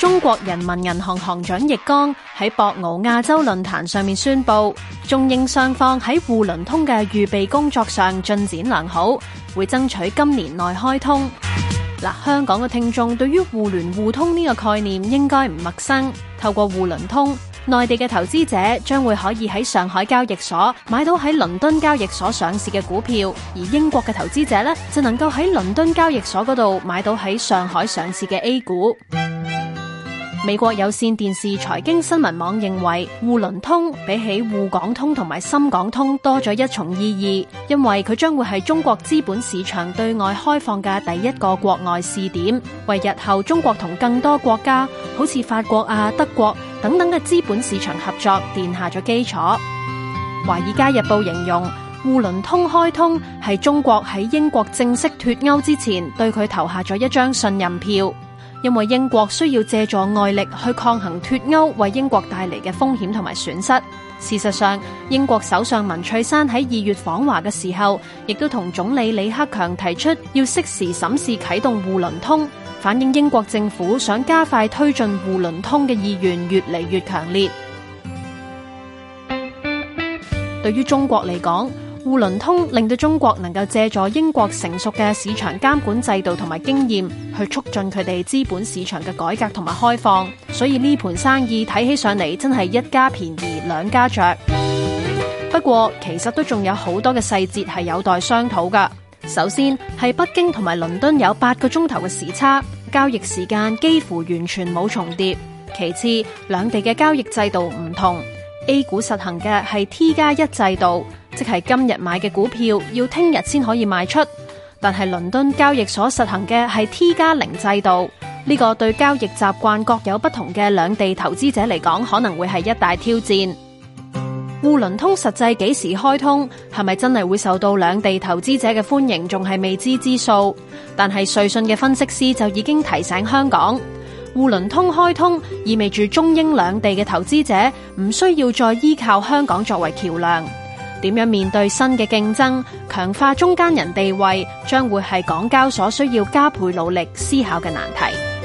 中國人民銀行行長易綱喺博鰲亞洲論壇上面宣布，中英雙方喺滬倫通嘅預備工作上進展良好，會爭取今年內開通。嗱，香港嘅聽眾對於互聯互通呢個概念應該唔陌生。透過滬倫通，內地嘅投資者將會可以喺上海交易所買到喺倫敦交易所上市嘅股票，而英國嘅投資者咧，就能夠喺倫敦交易所嗰度買到喺上海上市嘅 A 股。美國有線電視財經新聞網認為，滬倫通比起滬港通同埋深港通多咗一重意義，因為佢將會係中國資本市場對外開放嘅第一個國外試點，為日後中國同更多國家，好似法國啊、德國等等嘅資本市場合作，奠下咗基礎。華爾街日報形容滬倫通開通係中國喺英國正式脫歐之前，對佢投下咗一張信任票。因為英國需要借助外力去抗衡脫歐為英國帶嚟嘅風險同埋損失。事實上，英國首相文翠珊喺二月訪華嘅時候，亦都同總理李克強提出要適時審視啟動滬倫通，反映英國政府想加快推進滬倫通嘅意願越嚟越強烈。對於中國嚟講，滬倫通令到中國能夠借助英國成熟嘅市場監管制度同埋經驗，去促進佢哋資本市場嘅改革同埋開放。所以呢盤生意睇起上嚟真係一家便宜兩家着。不過其實都仲有好多嘅細節係有待商討噶。首先係北京同埋倫敦有八個鐘頭嘅時差，交易時間幾乎完全冇重疊。其次兩地嘅交易制度唔同，A 股實行嘅係 T 加一制度。即係今日買嘅股票要聽日先可以賣出，但係倫敦交易所實行嘅係 T 加零制度，呢個對交易習慣各有不同嘅兩地投資者嚟講，可能會係一大挑戰。滬倫通實際幾時開通，係咪真係會受到兩地投資者嘅歡迎，仲係未知之數？但係瑞信嘅分析師就已經提醒香港，滬倫通開通意味住中英兩地嘅投資者唔需要再依靠香港作為橋樑。點樣面對新嘅競爭，強化中間人地位，將會係港交所需要加倍努力思考嘅難題。